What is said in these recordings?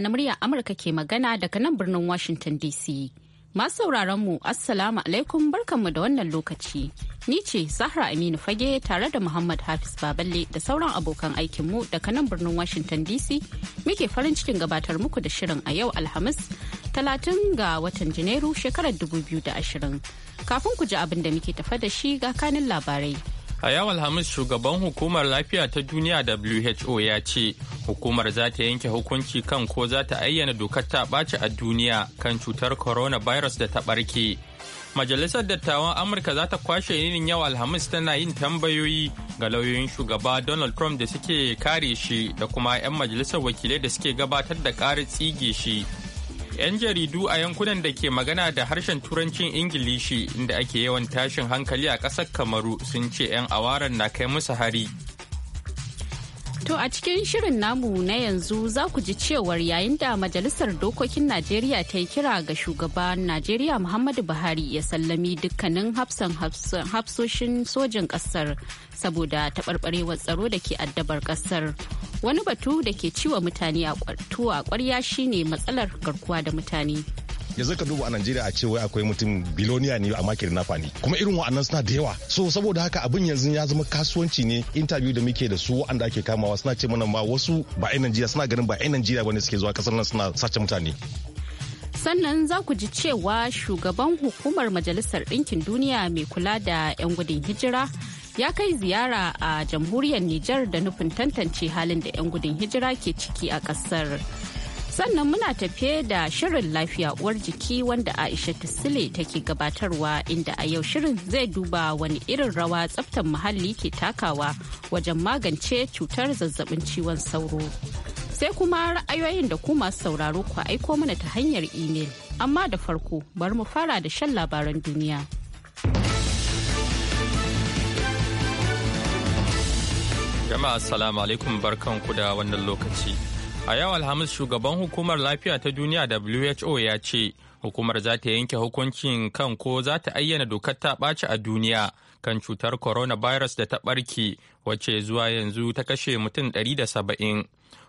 na murya Amurka ke magana daga nan birnin Washington DC. Masu sauraron mu Assalamu alaikum barkanmu da wannan lokaci. Ni ce Zahra Aminu Fage tare da Muhammad Hafiz Baballe da sauran abokan aikinmu daga nan birnin Washington DC muke farin cikin gabatar muku da shirin a yau Alhamis 30 ga watan Janairu shekarar 2020. Kafin ku ji abin da muke tafa da shi ga kanin labarai. A yau Alhamis shugaban hukumar lafiya ta duniya WHO ya ce hukumar za ta yanke hukunci kan ko za ta ayyana dokar ta ɓaci a duniya kan cutar coronavirus da ta ɓarke. Majalisar Dattawan Amurka za ta kwashe yinin yau Alhamis tana yin tambayoyi ga lauyoyin shugaba Donald Trump da suke kare shi da kuma 'yan majalisar wakilai da suke gabatar da ƙara tsige shi 'yan jaridu a yankunan da ke magana da harshen turancin ingilishi inda ake yawan tashin hankali a ƙasar kamaru sun ce 'yan awaran na kai musu hari To a cikin shirin namu na yanzu za ku ji cewar yayin da Majalisar Dokokin Najeriya ta yi kira ga shugaban Najeriya Muhammadu Buhari ya sallami dukkanin hafsan hafsoshin sojin kasar saboda taɓarɓarewar tsaro da ke addabar kasar. wani batu da ke ciwa mutane a kwartuwa kwarya shine matsalar garkuwa da mutane yanzu ka duba a Najeriya a ce wai akwai mutum biloniya ne a makirin nafa ne kuma irin wa'annan suna da yawa so saboda haka abin yanzu ya zama kasuwanci ne interview da muke da su wa'anda ake kamawa suna ce mana ma wasu ba 'yan Najeriya suna ganin ba 'yan Najeriya bane suke zuwa kasar nan suna sace mutane sannan za ku ji cewa shugaban hukumar majalisar ɗinkin duniya mai kula da 'yan gudun hijira ya kai ziyara a jamhuriyar Nijar da nufin tantance halin da 'yan gudun hijira ke ciki a kasar. Sannan muna tafe da shirin lafiya uwar jiki wanda Aisha Sile take gabatarwa inda a yau shirin zai duba wani irin rawa tsaftar muhalli ke takawa wajen magance cutar zazzabin ciwon sauro. Sai kuma ra'ayoyin da ku masu sauraro ku aiko mana ta hanyar imel. Amma da farko bari mu fara da shan labaran duniya. Jama'a assalamu alaikum barkanku da wannan lokaci. A yau Alhamis shugaban hukumar lafiya ta duniya WHO ya ce hukumar za ta yanke hukuncin kan ko za ta ayyana dokar ta ɓaci a duniya kan cutar coronavirus da ta ɓarke wacce zuwa yanzu ta kashe mutum 170.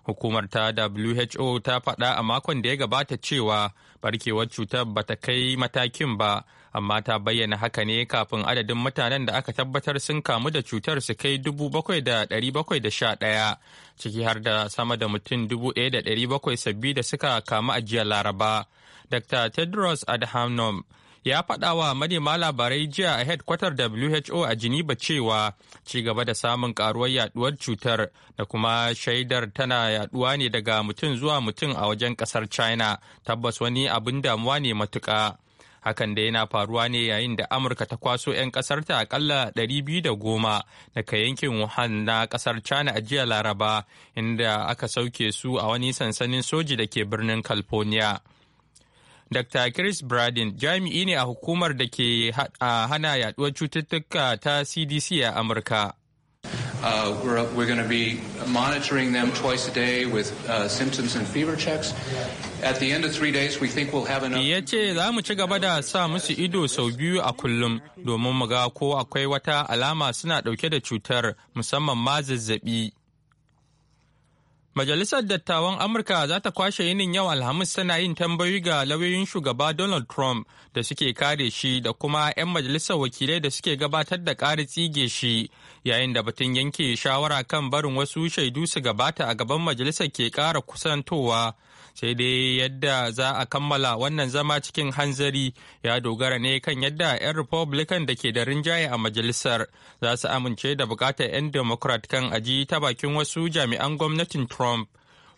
Hukumar ta WHO ta faɗa a makon da ya gabata cewa barkewar cutar ba ta kai matakin ba amma ta bayyana haka ne kafin adadin mutanen da aka tabbatar sun kamu da cutar su kai 7,711 ciki har da sama da mutum 1,700 sabbi da suka kamu a jiya laraba dr tedros adhanom ya faɗa wa manema labarai jiya a headquarter WHO a Geneva cewa ci gaba da samun karuwar yaduwar cutar da kuma shaidar tana yaduwa ne daga mutum zuwa mutum a wajen ƙasar China tabbas wani abin damuwa ne matuƙa. hakan da yana faruwa ne yayin da amurka ta kwaso 'yan kasar ta akalla 210 daga yankin wuhan na kasar china a jiya laraba inda aka sauke su a wani sansanin soji da ke birnin california Dr. Chris Bradin jami'i ne a hukumar da ke hana yaduwar cututtuka ta CDC a Amurka. Uh, we're we're going to be monitoring them twice a day with uh, symptoms and fever checks. At the end of three days, we think we'll have enough. Ya ce za mu ci gaba da sa musu ido sau biyu a kullum domin mu ga ko akwai wata alama suna ɗauke da cutar musamman ma zazzaɓi. Majalisar Dattawan Amurka za ta kwashe yinin yau Alhamis tana yin tambayoyi ga lauyoyin shugaba Donald Trump da suke kare shi da kuma 'yan majalisar wakilai da suke gabatar da ƙari tsige shi yayin da batun yanke shawara kan barin wasu shaidu su gabata a gaban majalisar ke ƙara kusantowa. sai dai yadda za a kammala wannan zama cikin hanzari ya dogara ne kan yadda 'yan republican da ke da rinjaye a majalisar za su amince da bukatar 'yan democrat kan aji ta bakin wasu jami'an gwamnatin trump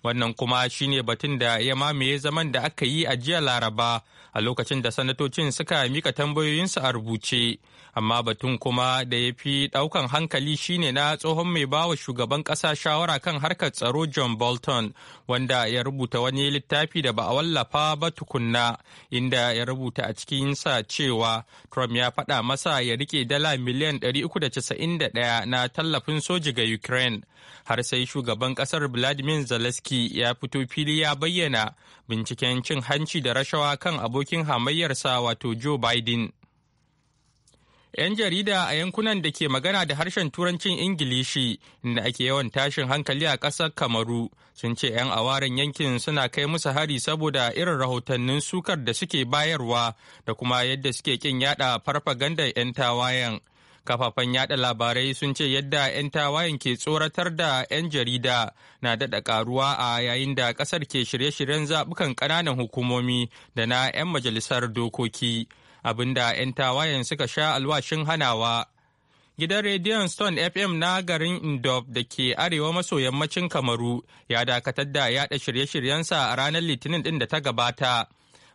wannan kuma shine batun da ya mamaye zaman da aka yi a jiya laraba a lokacin da sanatocin suka mika tambayoyinsu a rubuce amma batun kuma da ya fi daukan hankali shine na tsohon mai bawa shugaban kasa shawara kan harkar tsaro john bolton wanda ya rubuta wani littafi da ba a wallafa ba tukunna inda ya rubuta a cikinsa cewa trump ya faɗa masa ya rike dala miliyan 391 na tallafin soji ga ukraine har sai shugaban kasar vladimir zelensky ya fito fili ya bayyana binciken cin hanci da rashawa kan abokin hamayyarsa wato joe biden 'Yan jarida a yankunan da ke magana da harshen Turancin Ingilishi, inda ake yawan tashin hankali a ƙasar Kamaru, sun ce 'yan awaren yankin suna kai musu hari saboda irin rahotannin sukar da suke bayarwa da kuma yadda suke kin yada farfagandar 'yan tawayen. kafafen yada labarai sun ce yadda 'yan tawayen ke tsoratar da 'yan jarida na daɗa karuwa a yayin da ƙasar ke shirye-shiryen zaɓukan ƙananan hukumomi da na 'yan majalisar dokoki abinda 'yan tawayen suka sha alwashin hanawa. Gidan rediyon Stone FM na garin Indop da ke arewa maso yammacin Kamaru ya dakatar da yada shirye-shiryensa a ranar Litinin din da ta gabata.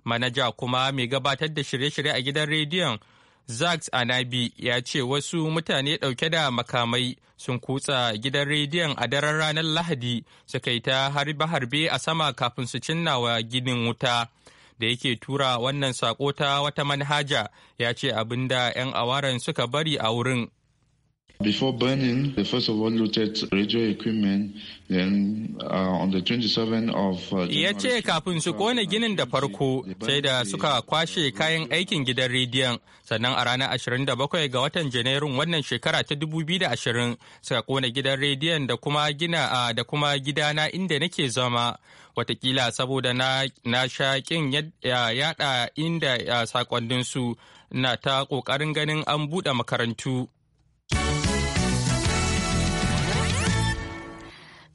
Manaja kuma mai gabatar da shirye-shirye a gidan rediyon Zax Anabi ya ce wasu mutane ɗauke da makamai sun kutsa gidan rediyon a daren ranar Lahadi suka yi ta harbe-harbe a sama kafin su cinna wa ginin wuta. da yake tura wannan sako ta wata manhaja ya ce abin da 'yan awaren suka bari a wurin Before burning, they first of all looted radio equipment, then uh, on the 27 of uh, Ya ce kafin su kone ginin da farko sai da suka kwashe kayan aikin gidan rediyon sannan a ranar 27 ga watan Janairun wannan shekara ta 2020 suka kone gidan rediyon da kuma gina uh, da kuma gidana inda nake zama watakila saboda na sha kin yada inda sakonninsu na ta ƙoƙarin ganin an buɗe makarantu.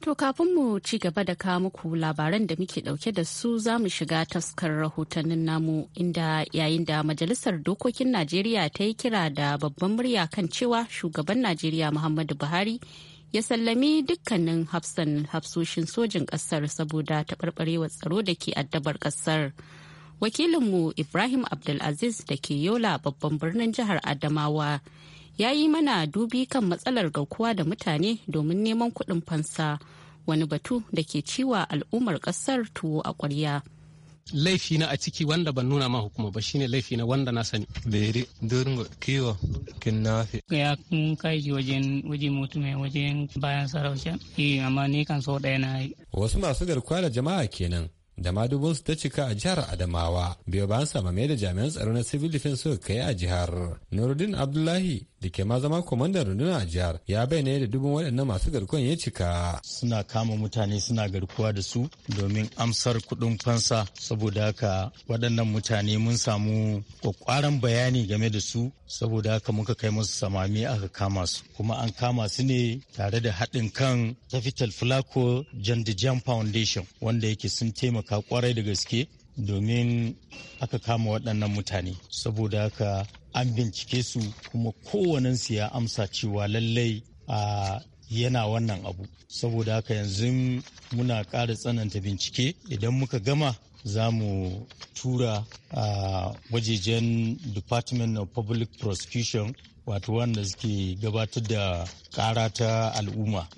To kafin mu ci gaba da kawo muku labaran da muke dauke da su za mu shiga taskar rahotannin namu inda yayin da Majalisar Dokokin Najeriya ta yi kira da babban murya kan cewa shugaban Najeriya Muhammadu Buhari ya sallami dukkanin hafsan hafsoshin sojin ƙasar saboda taɓarɓarewar tsaro da ke addabar ƙasar. Wakilinmu Ibrahim Abdulaziz da ke Yola babban birnin jihar Adamawa ya yi mana dubi kan matsalar garkuwa da mutane domin neman kuɗin fansa wani batu da ke ciwa al'ummar ƙasar tuwo a ƙwarya. laifi na a ciki wanda ban nuna ma hukuma ba shine laifi na wanda na sani bere durgo kiwo fi ya kun kai wajen waje mutume wajen bayan sarauta eh amma ni kan so daya na yi wasu masu garkuwa da jama'a kenan da ma dubu su ta cika a jihar Adamawa biyo bayan samame da jami'an tsaro na civil defense suka kai a jihar Nuruddin Abdullahi da ke ma zama kwamandan rundunar a jihar ya bayyana yadda dubin waɗannan masu garkuwan ya cika. Suna kama mutane suna garkuwa da su domin amsar kuɗin fansa saboda haka waɗannan mutane mun samu kwakwaran bayani game da su saboda haka muka kai musu samami aka kama su kuma an kama su ne tare da haɗin kan capital flaco jandijan foundation wanda yake sun taimaka kwarai da gaske domin aka kama waɗannan mutane saboda haka an bincike su kuma kowanensu ya amsa cewa lallai a yana wannan abu saboda haka yanzu muna ƙara tsananta bincike idan muka gama za mu tura a wajejen department of public prosecution wato wanda suke gabatar da ƙara ta al'umma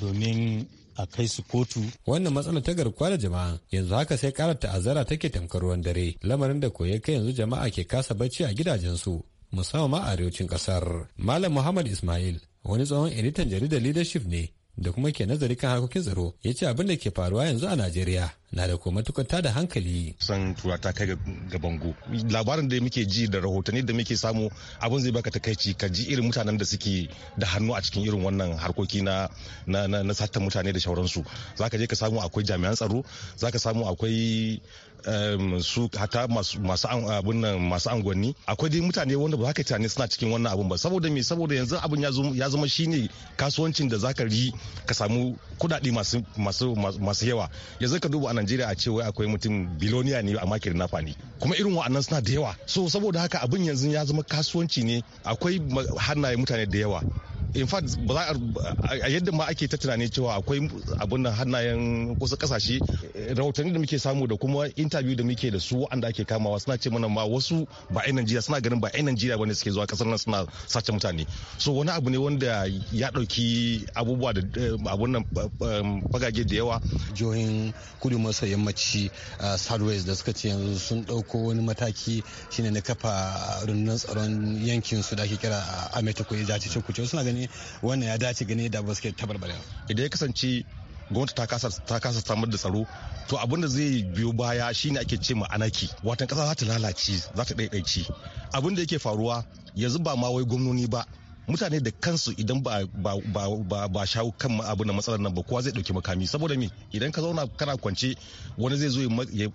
domin a kai su kotu. Wannan matsala ta garkuwa da jama'a yanzu haka sai ƙara ta'azzara take tamkar ruwan dare lamarin da koyo kai yanzu jama'a ke kasa bacci a gidajen gidajensu musamman a arewacin kasar. Malam Muhammad Ismail wani tsohon editan jaridar leadership ne da kuma ke nazari kan harkokin tsaro ya ce abin da ke faruwa yanzu a Najeriya na da kuma matukanta da hankali. San tura ta kai ga bango. Labarin da muke ji da rahotanni da muke samu abin zai baka takaici ka ji irin mutanen da suke da hannu a cikin irin wannan harkoki na na na na satan mutane da shauransu. Zaka je ka samu akwai jami'an tsaro, zaka samu akwai um, su hata masu abun nan masu angwanni akwai dai mutane wanda ba ka tunani suna cikin wannan abun ba saboda me saboda yanzu abun ya zama shine kasuwancin da zaka ri ka samu kudade masu masu masu yawa yanzu ka duba ana najeriya a wai akwai mutum biloniya ne amma kidnapper ne kuma irin wa'annan suna da yawa so saboda haka abin yanzu ya zama kasuwanci ne akwai hannaye mutane da yawa in fact ba za a yadda ma ake ta tunani cewa akwai abin nan hannayen kusa kasashe rahotanni da muke samu da kuma interview da muke da su wanda ake kamawa suna ce mana ma wasu ba ai Najeriya suna ganin ba ai Najeriya bane suke zuwa kasar nan suna sace mutane so wani abu ne wanda ya dauki abubuwa da eh, abun nan fagage eh, eh, da yawa jihohin kudu masa yammaci southwest da suka ce yanzu sun ɗauko wani mataki shine na kafa rundunar tsaron yankin su da ake kira ameta ko ya ce kuce suna gani wannan ya dace gani da ba ke tabarbare idan ya kasance gwamnati ta kasa samar da tsaro to abin da zai biyo baya shine ake ce ma anaki watan kasa za ta lalace za ta ɗaiɗaici abin da yake faruwa yanzu ba ma wai gwamnoni ba mutane da kansu idan ba ba shawo kan abu na matsalar nan ba kowa zai dauki makami saboda me idan ka zauna kana kwance wani zai zo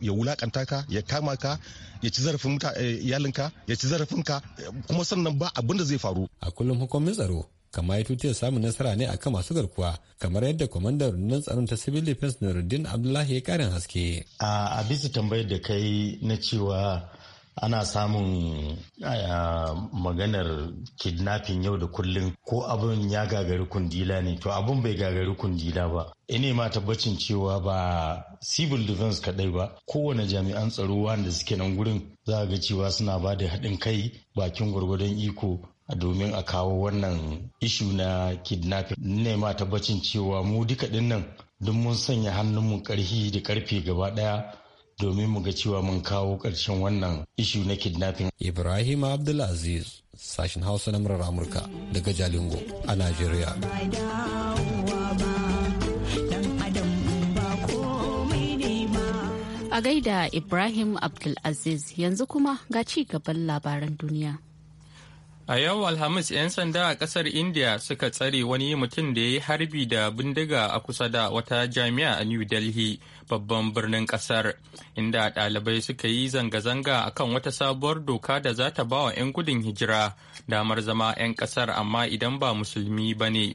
ya wulakanta ka ya kama ka ya ci zarafin eh, iyalinka ya ci zarafin ka kuma sannan ba abin da zai faru a kullum hukumin tsaro kama ya tutiyar samun nasara ne akan masu garkuwa kamar yadda kwamandar rundunar tsaron ta civil defense nuruddin abdullahi ya karin haske a bisa tambayar da kai na cewa ana samun maganar kidnapping yau da kullum ko abin ya gagari kundila ne to abin bai gagari kundila ba ine ma tabbacin cewa ba civil defense kadai ba kowane jami'an tsaro wanda suke nan gurin za ga cewa suna ba da haɗin kai bakin gwargwadon iko domin a kawo wannan ishu na kidnapping ne ma tabbacin cewa mu duka dinnan duk mun sanya hannunmu karfi da karfe gaba ɗaya. domin mu ga cewa mun kawo ƙarshen wannan ishu na kidnapping. Ibrahim Abdulaziz, sashen Hausa na murar Amurka daga Jalingo a Najeriya. A gaida Ibrahim Abdulaziz yanzu kuma ga ci gaban labaran duniya. A yau Alhamis 'yan sanda a kasar India suka tsare wani mutum da ya yi harbi da bindiga a kusa da wata jami'a a New Delhi, babban birnin kasar, inda ɗalibai suka yi zanga-zanga a kan wata sabuwar doka da za ta ba wa 'yan gudun hijira damar zama 'yan kasar amma idan ba musulmi ba ne.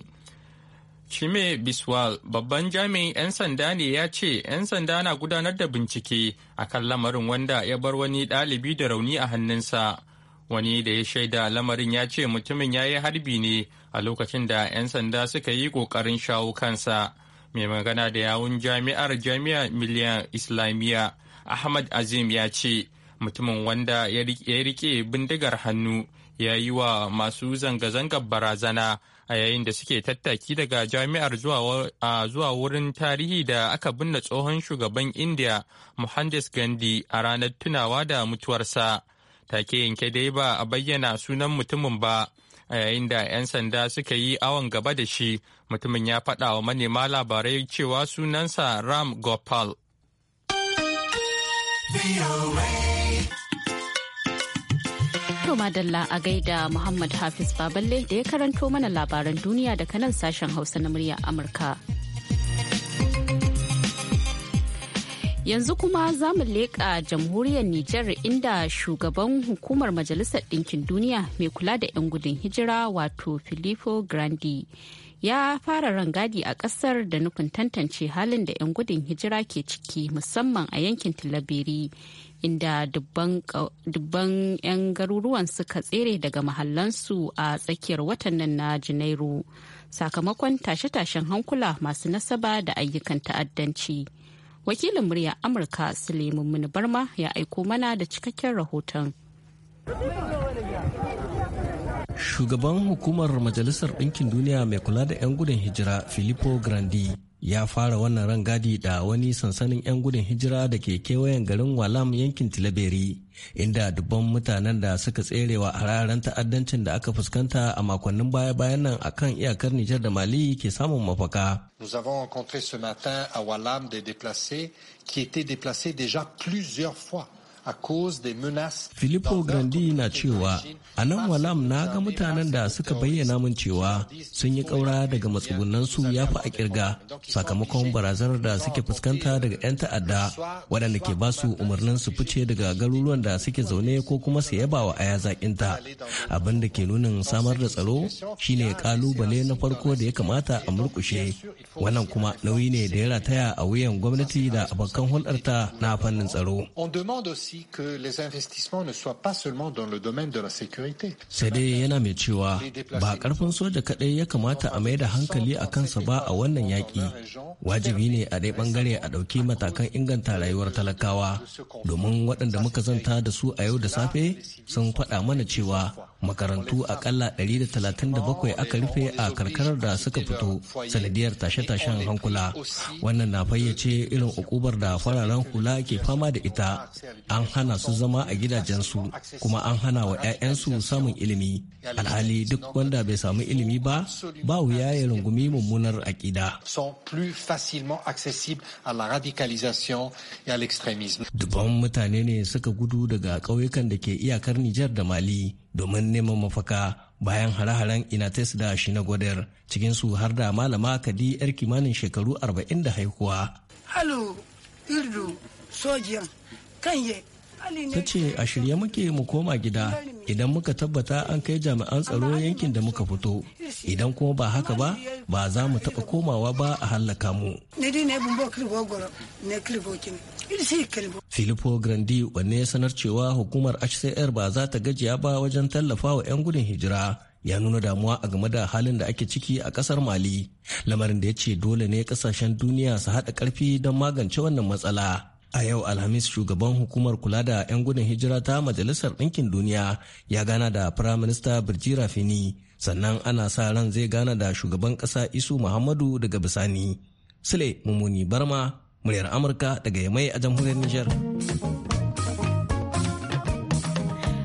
Chime Biswal, babban jami'in 'yan sanda ne ya ce 'yan sanda na gudanar da bincike a kan lamarin wanda ya bar wani ɗalibi da rauni a hannunsa. wani da ya shaida lamarin ya ce mutumin ya yi harbi ne a lokacin da 'yan sanda suka yi ƙoƙarin shawo kansa mai magana da yawun jami'ar jami'a miliyan islamiyya ahmad azim ya ce mutumin wanda ya rike bindigar hannu ya yi wa masu zanga-zangar barazana a yayin da suke tattaki daga jami'ar zuwa wurin tarihi da aka binne tsohon shugaban india muhandis gandhi a ranar tunawa da mutuwarsa take yanke dai ba a bayyana sunan mutumin ba a yayin da 'yan sanda suka yi awon gaba da shi mutumin ya faɗa wa manema labarai cewa sunansa ram gopal madalla a gaida Muhammad Hafiz Baballe da ya karanto mana labaran duniya daga nan sashen Hausa na murya Amurka. Yanzu kuma za mu leƙa jamhuriyar Nijar inda shugaban hukumar Majalisar Ɗinkin Duniya mai kula da 'yan gudun hijira wato Filippo Grandi ya fara rangadi a ƙasar da nufin tantance halin da 'yan gudun hijira ke ciki musamman a yankin tilabiri inda dubban 'yan garuruwan suka tsere daga mahallansu a tsakiyar watan nan na Janairu sakamakon tashe-tashen hankula masu nasaba da ayyukan ta'addanci. wakilin murya amurka suleiman mini barma ya aiko mana da cikakken rahoton shugaban hukumar majalisar ɗinkin duniya mai kula da 'yan gudun hijira filippo grandi ya fara wannan rangadi da wani sansanin 'yan gudun hijira da ke kewayen garin walam yankin tilaberi inda dubban mutanen da suka tserewa a hararen ta'addancin da aka fuskanta a makonnin baya-bayan nan a kan iyakar nijar da mali ke samun mafaka Nous avons rencontré ce matin à Walam des déplacés qui étaient déplacés déjà plusieurs fois. Filippo Grandi na cewa a nan walam na ga mutanen da suka bayyana mun cewa sun yi ƙaura daga matsugunansu ya fi a kirga sakamakon barazanar da suke fuskanta daga 'yan ta'adda waɗanda ke ba su umarnin su fice daga garuruwan da suke zaune ko kuma su yaba wa aya ta abin da ke nunin samar da tsaro shine kalubale na farko da ya kamata a murkushe wannan kuma nauyi ne da ya rataya a wuyan gwamnati da abokan hulɗarta na fannin tsaro. aussi que les investissements ne soient pas seulement dans le domaine de la sécurité. Sai dai yana mai cewa ba karfin soja kadai ya kamata a mai da hankali a kansa ba a wannan yaki. Wajibi ne a dai bangare a ɗauki matakan inganta rayuwar talakawa domin waɗanda muka zanta da su a yau da safe sun faɗa mana cewa makarantu akalla 137 aka rufe a karkarar da suka fito sanadiyar tashe-tashen hankula wannan na fayyace irin ukubar da fararen hula ke fama da ita an hana su zama a gidajensu kuma an hana wa 'ya'yansu samun ilimi alhali duk wanda bai samu ilimi ba ba wuya ya rungumi mummunar aƙida dubban mutane ne suka gudu daga ƙauyukan da ke iyakar nijar da mali domin neman mafaka bayan hare-haren inates da shi na gwadar cikinsu har da malama kadi yar kimanin shekaru 40 da haihuwa. Halo, irdu, sojiyan, kanye, ta ce a shirya muke mu koma gida idan muka tabbata an kai jami'an tsaro yankin da muka fito idan kuma ba haka ba ba za mu taba komawa ba a hallaka mu. Filippo Grandi wanne ya sanar cewa hukumar HCR ba za ta gajiya ba wajen tallafawa 'yan gudun hijira ya nuna damuwa a game da halin da ake ciki a kasar Mali. Lamarin da ya ce dole ne kasashen duniya su haɗa ƙarfi don magance wannan matsala. A yau Alhamis shugaban hukumar kula da 'yan gudun hijira ta Majalisar Ɗinkin Duniya ya gana da Firaminista Birjira Fini sannan ana sa ran zai gana da shugaban ƙasa Isu Muhammadu daga bisani. Sule Mumuni Barma muryar amurka daga yamai a jamhuriyar nijar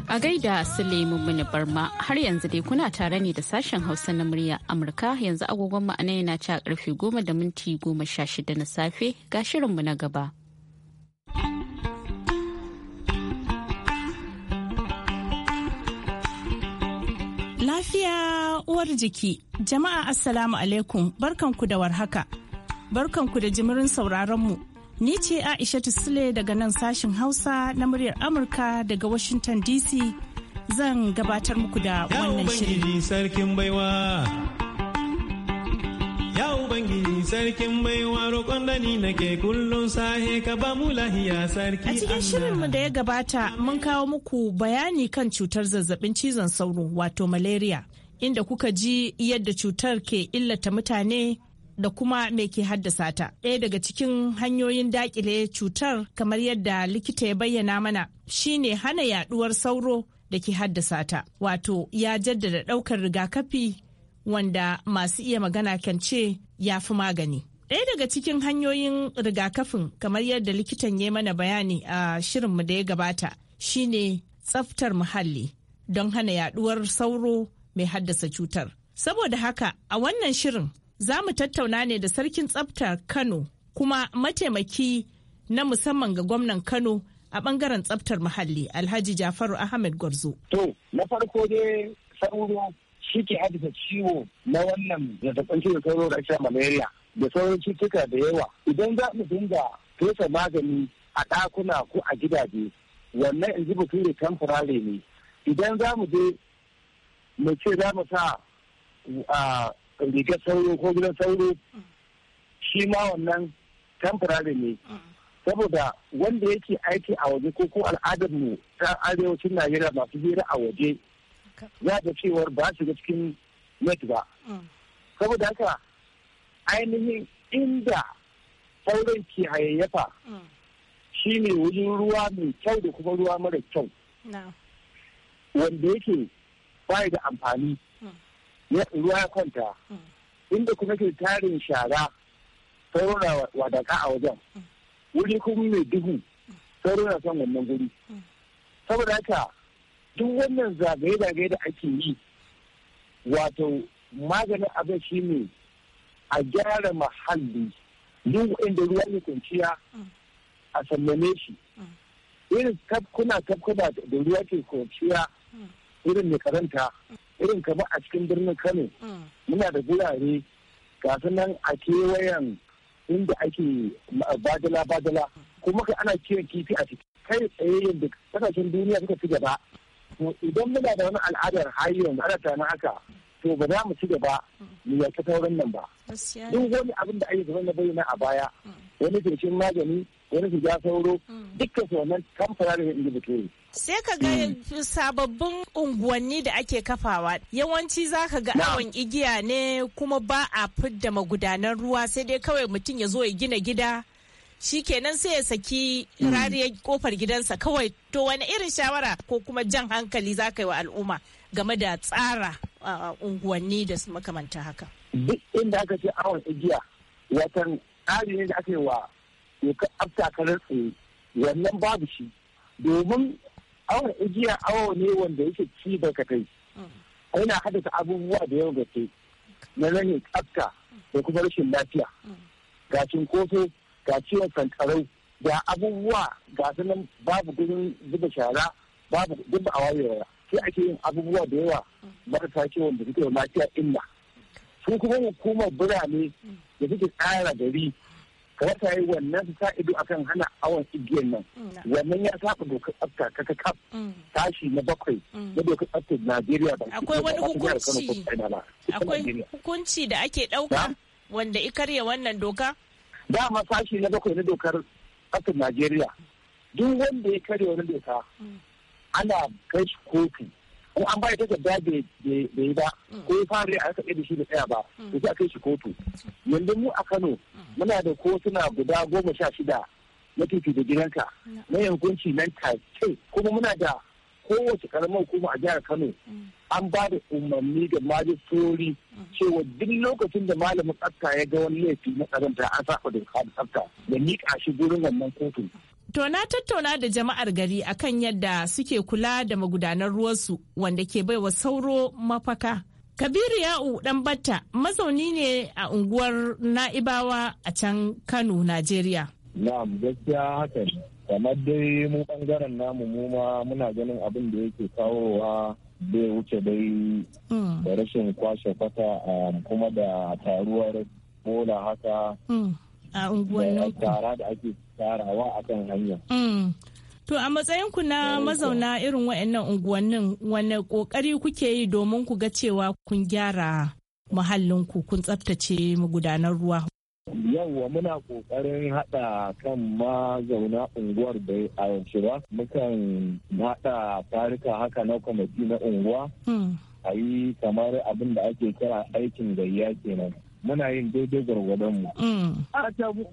a gaida Suleiman Mini Barma har yanzu dai kuna tare ne da sashen Hausa na murya Amurka yanzu agogon ma'ana yana ci a karfe goma da minti goma sha shida na safe ga shirinmu na gaba. Lafiya uwar jiki, jama'a Assalamu alaikum barkanku da warhaka. barkanku da jimirin sauraronmu. Ni ce Aisha Sule daga nan sashin Hausa na muryar Amurka daga Washington DC zan gabatar muku da wannan shirin. sarkin baiwa. sarkin baiwa roƙon da nake kullum sahe ka ba mu lahiya A cikin shirinmu da ya gabata mun kawo muku bayani kan cutar zazzabin cizon sauro wato malaria. Inda kuka ji yadda cutar ke illata mutane da kuma me ke haddasa ta. Ɗaya daga cikin hanyoyin dakile cutar kamar yadda likita ya bayyana mana shine hana yaduwar sauro da ke haddasa ta. Wato ya jaddada ɗaukar rigakafi wanda masu iya magana kan ce ya fi magani. Ɗaya daga cikin hanyoyin rigakafin kamar yadda likitan ya mana bayani a shirinmu da ya gabata shine tsaftar muhalli don hana yaduwar sauro mai haddasa cutar. Saboda haka a wannan shirin za mu tattauna ne da sarkin tsaftar Kano kuma mataimaki na musamman ga gwamnan Kano a bangaren tsaftar muhalli Alhaji Jafaru Ahmed Gwarzo. To, na farko dai sauro shi ke haddasa ciwo na wannan zazzabin da sauro da malaria da sauran cutuka da yawa. Idan za mu dinga fesa magani a ɗakuna ko a gidaje, wannan in ji bature temporary ne. Idan za mu je mu ce za mu sa ah, rigar sauro ko gidan sauro shi ma wannan temporary ne saboda wanda yake aiki a waje ko ko al'adar mu ta arewacin najeriya masu hira a waje za ta cewar ba shiga cikin net ba saboda haka ainihin inda sauran ke hayayyafa shi ne wajen ruwa mai kyau da kuma ruwa mara kyau wanda yake bai da amfani ruwa ya kwanta inda kuma ke tarin shara sauro wadaka a wajen wuri kuma mai duhu sauro na son wannan guri saboda haka duk wannan zagaye-zagaye da ake yi wato maganin abin shi ne a gyara muhalli duk inda ruwa ne kwanciya a sammane shi irin tafkuna tafkuna da ruwa ke kwanciya irin mai karanta irin kama a cikin birnin kano mm. muna da gurare gasu nan a kewayen inda ake badala badala kuma kai ana kiwon kifi a ciki kai tsaye yadda kasashen duniya suka ci gaba to idan muna da wani al'adar da ana tana haka to ba za mu ci gaba mu yaki sauran nan ba duk wani abin da ake zama na bayyana a baya mm. wani feshin magani wani shiga sauro mm. dukkan su wannan kamfana da inda sai ka ga sababbin unguwanni da ake kafawa yawanci za ka ga awon igiya ne kuma ba a fidda magudanan ruwa sai dai kawai mutum ya zo ya gina gida shi kenan sai ya saki hmm. rariyar kofar gidansa kawai to wani irin shawara ko kuma jan hankali za ka yi wa al'umma game da tsara unguwanni da su makamanta haka. Duk inda aka ce awon igiya watan tsari ne da aka yi wa afta karar tsaye wannan babu shi domin awon igiya awo ne wanda yake ci barkatai mm. yana haddasa abubuwa da yau gaske na rage tsafta da kuma rashin lafiya mm. ga cinkoso ga ciwon sankarau ga abubuwa ga sanan babu gudun zuba shara babu duk a wayewa sai ake yin abubuwa da yawa mm. marasa kiwon da suke lafiya illa su kuma hukumar birane da suke tsara gari wata yi wannan su sa ido akan hana awon igiyar nan mm. wannan ya saba dokar tsafta mm. ta mm. kaf. tashi na bakwai na dokar tsaftar najeriya ba akwai wani hukunci akwai hukunci da ake ɗauka wanda i karya wannan doka dama sashi na bakwai na dokar tsabta najeriya duk wanda ya karya wani doka ana kai shi kofi ko an ba bayar takarda da yi ba ko ya fara a aka da shi da tsaya ba mm. to sai a kai shi kotu yanzu mu a Kano mm. muna da kotuna guda goma sha shida na titi da gidanka mm. na yankunci nan ta take kuma muna da kowace karamar hukuma a jihar Kano an ba da umarni ga majistori cewa duk lokacin da malamin tsafta ya ga wani laifi na karanta an saba da tsafta da miƙa shi gurin wannan kotun. To na tattauna da jama'ar gari akan yadda suke kula da magudanar ruwansu wanda ke baiwa sauro mafaka. Kabiru Ya'u dan Batta mazauni ne a unguwar Na'ibawa a can Kano, Najeriya. Na'am gaskiya haka ne. Kamar dai mu bangaren namu mu ma muna ganin abin da yake kawowa bai wuce dai mm. da rashin kwashe fata um, kuma da taruwar bola haka mm. a unguwannin ku tara da ake tarawa akan hanya mm. To a matsayin ku na mazauna irin waɗannan unguwannin wane ƙoƙari kuke yi domin ku ga cewa kun gyara ku kun tsaftace magudanar ruwa. Yawwa muna ƙoƙarin haɗa kan mazauna unguwar da a yanci ba, mukan haɗa tarika haka na kwamiti na unguwa. Mm. a yi kamar abin da ake kira aikin gayya kenan muna yin daidai gwargwadon mu. Mm.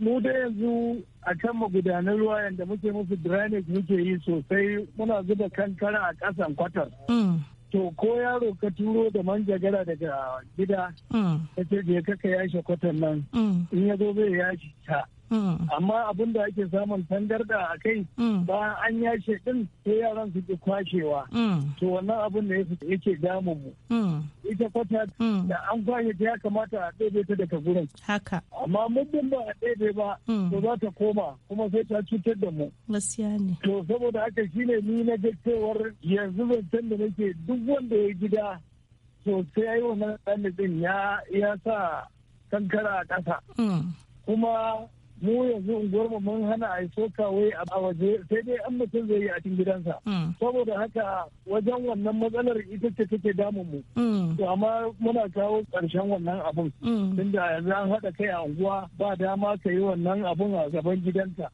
mu da yanzu a kan magudanar ruwa yadda muke musu drainage muke yi sosai muna zuba kankara a ƙasan kwatar. Mm. to ko yaro ka turo da manjagara daga gida mm. ka ce je kaka yashe kwatar nan in ya zo zai yashi ta amma abin da ake samun tangarda a kai mm. bayan an yashe din sai yaran su ke kwashewa mm. to wannan abin da yake damu mu mm. ita kwata da an kwashe ta ya kamata a ɗebe ta daga gurin haka amma muddin ba a ɗebe ba to za ta koma kuma sai ta cutar da mu gaskiya ne to saboda haka shine ni na ga cewar yanzu zancen da nake duk wanda ya gida to sai ya yi wannan ɗan ya sa kankara a ƙasa kuma mu yanzu mu mun hana a yi wai a waje sai dai an mutum zai yi a cikin gidansa mm. saboda haka wajen wannan matsalar ita ce take damun mu mm. to amma muna kawo karshen wannan abun mm. tunda yanzu an haɗa kai a unguwa ba dama ka yi wannan abun a gaban gidanka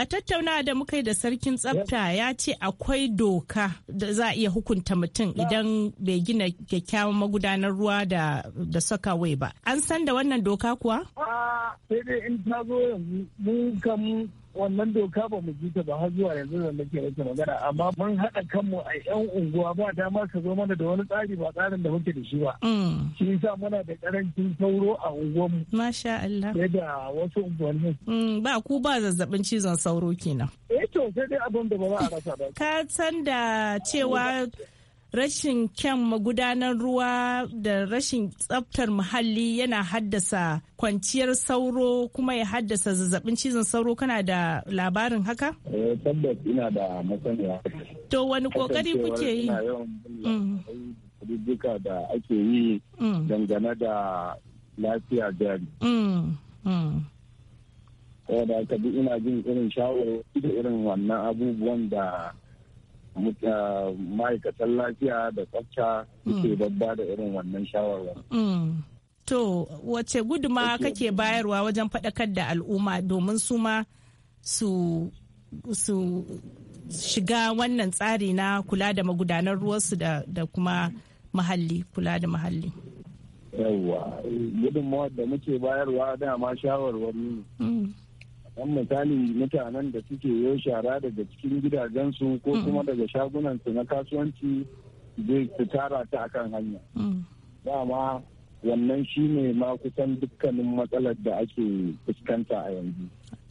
a tattauna da muka yi da sarkin tsafta ya ce akwai doka da za a iya hukunta mutum idan bai gina kyakkyawan magudanar ruwa da wai ba an san da wannan doka kuwa sai dai in ta zo yanzu mun wannan doka ba mu ji ta ba har zuwa yanzu da nake rage magana amma mun haɗa kanmu a yan unguwa ba dama ka zo mana da wani tsari ba tsarin da muke da shi ba mm. shi yasa muna da karancin sauro a unguwanmu masha Allah sai da wasu unguwanni mm, ba ku ba zazzabin cizon sauro kenan eh to sai dai abin da ba za a rasa ba ka san da cewa rashin kyan magudanar ruwa da rashin tsaftar muhalli yana haddasa kwanciyar sauro kuma ya haddasa zazzabin cizon sauro kana da labarin haka? Eh, tabbas ina da masaniya. To wani kokari kuke yi? Rijika mm. da ake yi mm. dangane da lafiya jari. Mm. Saboda bi ina jin irin shawarwari da irin wannan abubuwan da ma'aikatan lafiya da tsafta suke mm. babba da irin wannan shawarwar. Mm. To, wace guduma kake bayarwa wajen faɗakar da al'umma domin su ma su shiga wannan tsari na kula da magudanar ruwansu da kuma mahalli, kula da mahalli. Yawwa, gudunmawar da muke bayarwa dama shawarwari. dan misali mutanen da suke yo shara daga cikin gidajensu ko mm. kuma daga shagunansu na kasuwanci zai su tara ta akan hanya mm. dama wannan shi ne ma kusan dukkanin matsalar da ake fuskanta a yanzu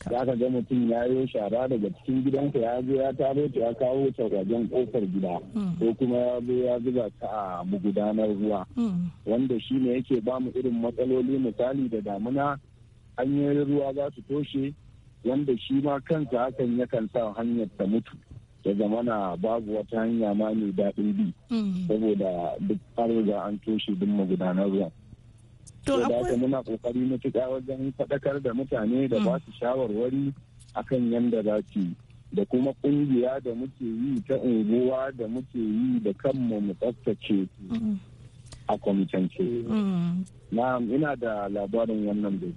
za ka ga mutum ya yo shara daga cikin gidansa ya zo ya taro ta ya kawo ta wajen kofar gida mm. ko kuma ya zo ya zuba ta a magudanar ruwa wanda shi ne yake ba mu irin matsaloli misali da damuna hanyoyin ruwa za su toshe wanda shi ma kansa hakan yakan sa hanyar ta mutu ya zamana babu wata hanya ma mai daɗin bi mm. saboda duk an an toshe duk magudanar ruwan to da haka muna kokari matuƙa wajen faɗakar da mutane da mm. ba su shawarwari akan yadda za su da kuma ƙungiya da muke yi ta unguwa da muke yi da kanmu mu tsaftace mm. a kwamitance. Mm. Na ina da labarin wannan bai.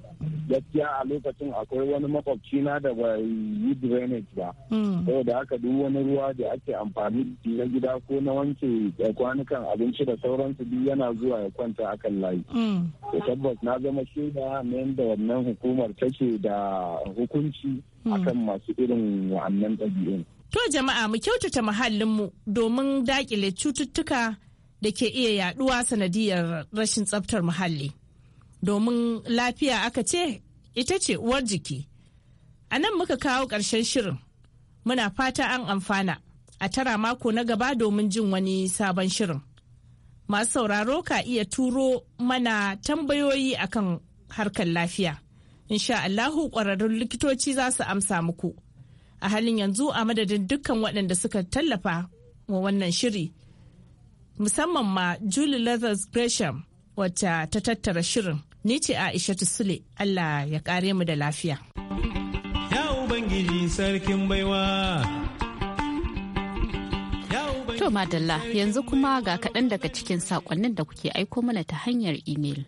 Gaskiya a lokacin akwai wani makwabci na da bai yi drainage ba. Mm. Saboda haka duk wani ruwa da ake amfani na gida ko na wanke kwanukan abinci da sauransu duk yana zuwa ya kwanta akan layi. Da mm. tabbas na zama shaida na yadda wannan hukumar take da hukunci akan masu irin wa'annan ɗabi'un. To jama'a mu kyautata muhallinmu domin dakile cututtuka da ke iya yaduwa sanadiyar rashin tsaftar muhalli domin lafiya aka ce ita ce uwar jiki a nan muka kawo ƙarshen shirin muna fata an amfana a tara mako na gaba domin jin wani sabon shirin masu sauraro ka iya turo mana tambayoyi akan harkar lafiya insha Allahu ƙwararrun likitoci za su amsa muku a halin yanzu a madadin dukkan waɗanda suka tallafa wa wannan shiri musamman ma Julie Leathers Gresham wacce ta tattara shirin. Ni ce Aisha Sule Allah ya kare mu da lafiya. Ya Ubangiji sarkin baiwa. To Madalla yanzu kuma ga kaɗan daga cikin saƙonnin da kuke aiko mana ta hanyar imel.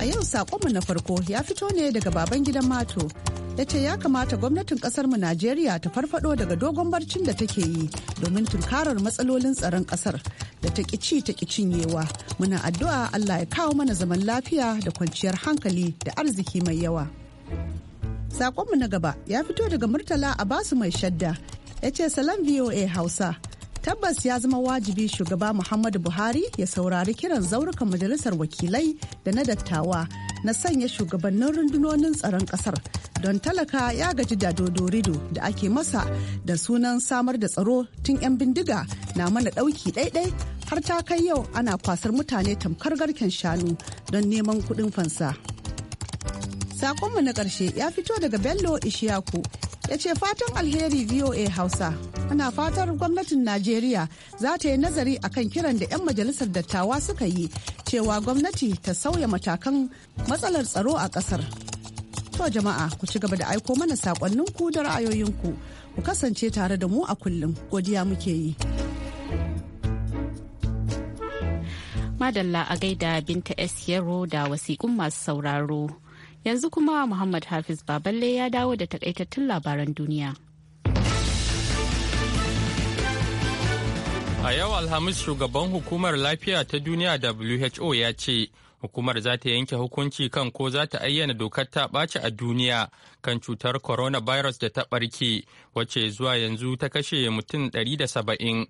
A yau saƙonmu na farko ya fito ne daga baban gidan Mato ya ce ya kamata gwamnatin kasarmu Najeriya ta farfado daga dogon barcin da take yi domin tunkarar matsalolin tsaron kasar da ta ƙici ta cinyewa. Muna addu'a Allah ya kawo mana zaman lafiya da kwanciyar hankali da arziki mai yawa. Saƙonmu na gaba ya fito daga Murtala a basu mai shadda ya ce salam VOA Hausa. tabbas ya zama wajibi shugaba muhammadu buhari ya saurari kiran zaurukan majalisar wakilai da na dattawa na sanya shugabannin rundunonin tsaron kasar don talaka ya gaji da dodorido da ake masa da sunan samar da tsaro tun 'yan bindiga na mana ɗauki ɗaiɗai har ta kai yau ana kwasar mutane tamkar garken shanu don neman kuɗin fansa. Sakonmu na ƙarshe ya fito daga Bello Ishiyaku ya ce fatan alheri voa hausa ana fatar gwamnatin najeriya za ta yi nazari akan kiran da 'yan majalisar dattawa suka yi cewa gwamnati ta sauya matakan matsalar tsaro a kasar to jama'a ku ci gaba da aiko mana sakonninku da ra'ayoyinku ku kasance tare da mu a kullum godiya muke yi madalla a gaida binta s yaro da wasiƙun masu sauraro Yanzu kuma Muhammad Hafiz Baballe ya dawo da takaitattun labaran duniya. A yau Alhamis shugaban hukumar lafiya ta duniya WHO ya ce hukumar za ta yanke hukunci kan ko za ta ayyana dokar ta ɓaci a duniya kan cutar coronavirus da ta ɓarke wacce zuwa yanzu ta kashe mutum 170.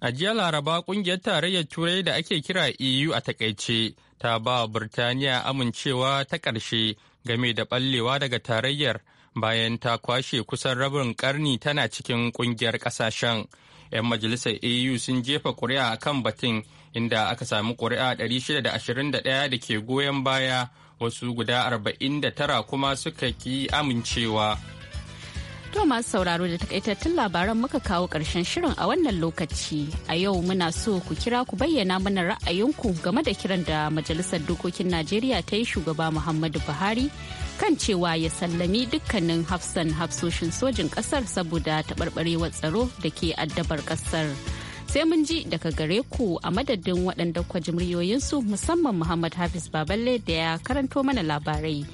A jiya Laraba kungiyar tarayyar Turai da ake kira EU a takaice ta ba Birtaniya amincewa ta ƙarshe game da ɓallewa daga tarayyar bayan ta kwashe kusan rabin ƙarni tana cikin kungiyar ƙasashen. 'Yan majalisar EU sun jefa ƙuri'a a kan batun inda aka sami ƙuri'a 621 da ke goyon baya wasu guda 49 kuma suka ki amincewa. To masu sauraro da takaitattun labaran muka kawo ƙarshen shirin a wannan lokaci. A yau muna so ku kira ku bayyana mana ra'ayinku game da kiran da Majalisar Dokokin Najeriya ta yi shugaba Muhammadu Buhari kan cewa ya sallami dukkanin hafsan hafsoshin sojin ƙasar saboda taɓarɓarewar tsaro da ke addabar ƙasar. Sai mun ji daga gare ku a madadin waɗanda kwa musamman Muhammad Hafiz Baballe da ya karanto mana labarai.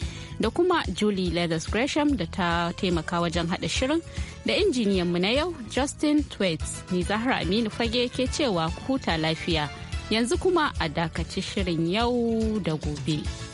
da kuma Julie Leathers Gresham da ta taimaka wajen haɗa shirin da injiniyan mu na yau Justin Twaits ni Zahra Aminu Fage ke cewa huta lafiya yanzu kuma a dakaci shirin yau da gobe.